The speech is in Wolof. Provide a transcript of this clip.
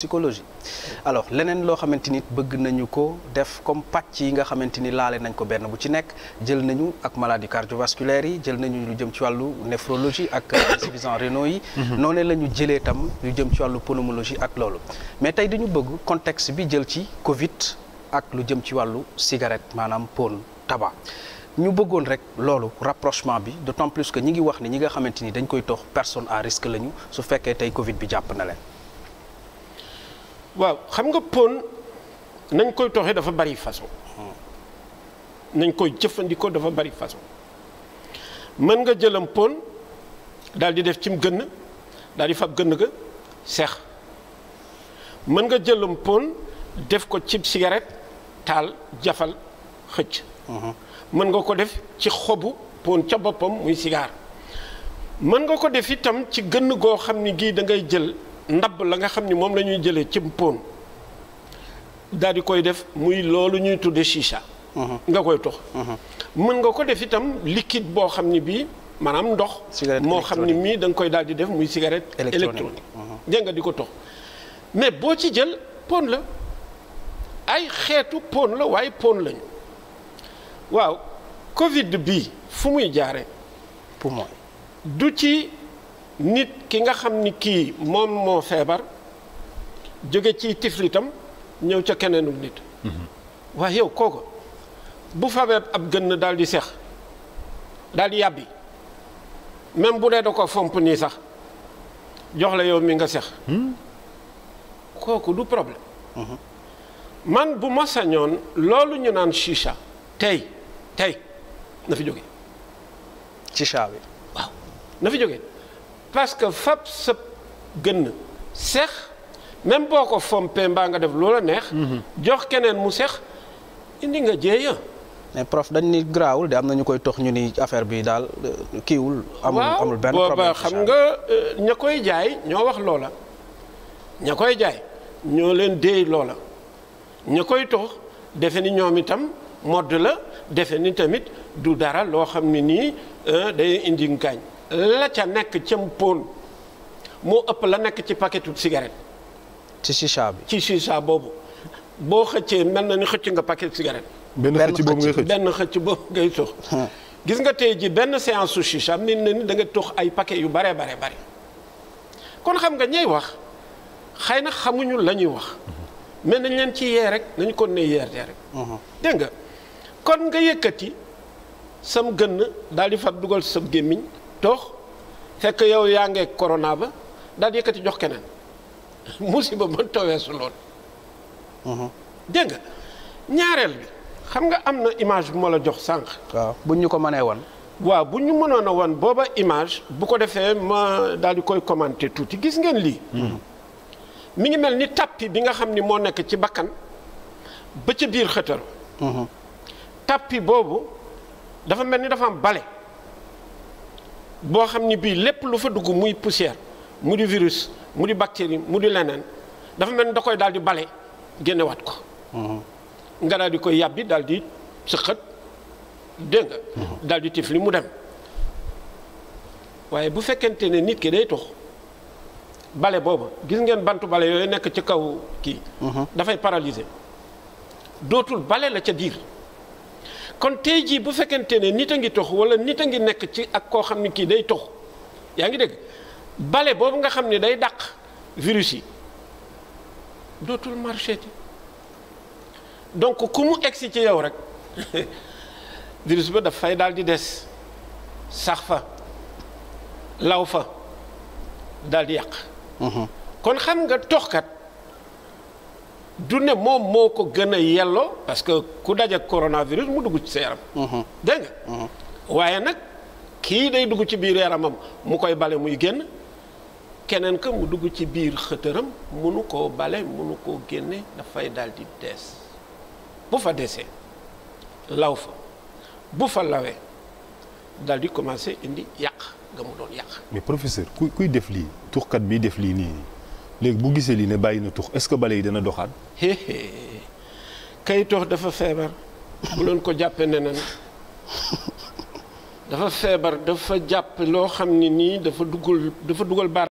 psychologie alors leneen loo xamante ni bëgg nañu ko def comme pàcc yi nga xamante ni laale nañ ko benn bu ci nekk jël nañu ak maladie cardiovasculaire yi jël nañu lu jëm ci wàllu néphrologie ak insuffisants rénaux yi mhm. la ñu jëlee tam lu jëm wàllu pneumologie ak loolu mais tey dañu bëgg contexte bi jël ci Covid ak lu jëm ci wàllu cigarette maanaam pon tabac ñu bëggoon rek loolu rapprochement bi d'autant plus que ñi ngi wax ni ñi nga xamante ni dañ koy tox personne à risque lañu su fekkee tey Covid bi jàpp na leen waaw xam nga pon nañ koy toxee dafa bari façon nañ koy jëfandikoo dafa bari façon mën nga jëlam pon daal di def cim gënn daal di fab gënn ga sex mën nga jëlam pon def ko cib cigarette taal jafal xëcc mhm. mën nga ko def ci xobu pon ca boppam muy cigar mën nga ko def itam ci gënn goo xam ne gii dangay jël ndab la nga xam ni moom la ñuy jëlee ci poon di koy def muy loolu ñuy tudde chicha. Uh-huh. nga koy tox uh-huh. mën nga ko def itam liquide boo xam ni bii maanaam ndox. moo xam ni mii danga koy daal di def muy cigarette électronique uh-huh. dégg nga di ko tox mais boo ci jël poon la ay xeetu poon la waaye poon lañu waaw Covid bii fu muy jaare pour moi du ci nit ki nga xam ni kii moom moo feebar jóge ci tiflitam ñëw ca keneenu nit mm-hmm. waaye yow kooku bu fabee ab gën daal di seex daldi yàbbi même bu dee da ko fomp nii sax jox yow mi nga seex hmm? kooku du problème mm-hmm. man bu ma sañoon loolu ñu naan chicha tey tey na fi jóge chicha bi na fi jóge parce que fab sa gën sex même boo ko fompee mbaa nga def loola neex. Mhm. jox keneen mu sex indi nga jéeya. mais prof dañ ni garaawul de am na ñu koy tox ñu ni affaire bi daal euh, kiiwul. amul amul benn problème xam nga euh, ña koy jaay ñoo wax loola. ña koy jaay ñoo leen déey loola ña koy toox defe ni ñoom itam modd la defe ni tamit du dara loo xam ne nii euh, day indi ngaañ. la ca nekk cam póon moo ëpp la nekk ci paketu cigarette ci chicha bi ci chicha boobu boo xëccee mel na ni xëcc nga paquet cigarette benn xëcc boobu ngay xëcc benn xëcc boobu ngay tux gis nga tey ji benn séance su chicha mel na ni danga nga ay paket yu bare bare bare kon xam nga ñey wax xëy na xamuñu la ñuy wax mais nañ leen ci yee rek nañu ko ne yeer tee rek dégg nga kon nga yëkkati sam gën daal di fa dugal sam gémmiñ tox fekk yow yaa ngeeg corona ba daal yëkkati jox keneen musiba mën su lool. Mhm. dégg nga ñaareel bi xam nga am na image bu ma la jox sànq. waaw buñ ñu ko mënee won waaw bu ñu mënoon a wan booba image bu ko defee ma daal di koy commenter tuuti gis ngeen lii. Mhm. mi ngi mel ni tappi bi nga xam ni moo nekk ci bakkan ba ca biir xëtër. Mhm. tappi boobu dafa mel ni dafa am bale. boo xam ni bii lépp lu fa dugg muy poussière mu di virus mu di bactérie mu di leneen dafa mel ni da koy daal di bale génnewaat ko. Uh-huh. nga daal di koy yàbbi daal di sëqët dégg nga. Uh-huh. daal mu dem waaye bu fekkente ne nit ki day tox bale boobu gis ngeen bantu bale yooyu nekk ci kaw kii. Uh-huh. dafay paralise dootul bale la ca diir. kon tey jii bu fekkente ne nit a ngi tox wala nit a ngi nekk ci ak koo xam ne kii day tox yaa ngi dégg bale boobu nga xam ne day dàq virus yi dootul marché ci donc ku mu egsi ci yow rek virus ba daf fay daal di des sax fa law fa daal di yàq. Mm-hmm. kon xam nga toxkat. du ne moom moo ko gën a yelloo parce que ku daje coronavirus mu dugg ci sa yaram. Mhm. dégg mhm. waaye nag kii day dugg ci biir yaramam mu koy bale muy génn keneen ka mu dugg ci biir xëtëram munu koo bale munu koo génne dafay dal di dees bu fa desee law fa bu fa lawee dal di commencé indi yàq nga mu doon yàq. mais professeur kuy kuy def lii tuxkat bi def lii nii. léegi bu gisee lii ne bàyyi na tux est-ce que bale yi dana doxaat. kay dafa feebar. bu leen ko jàppee neneen dafa feebar dafa jàpp loo xam ne nii dafa dugal dafa dugal baar.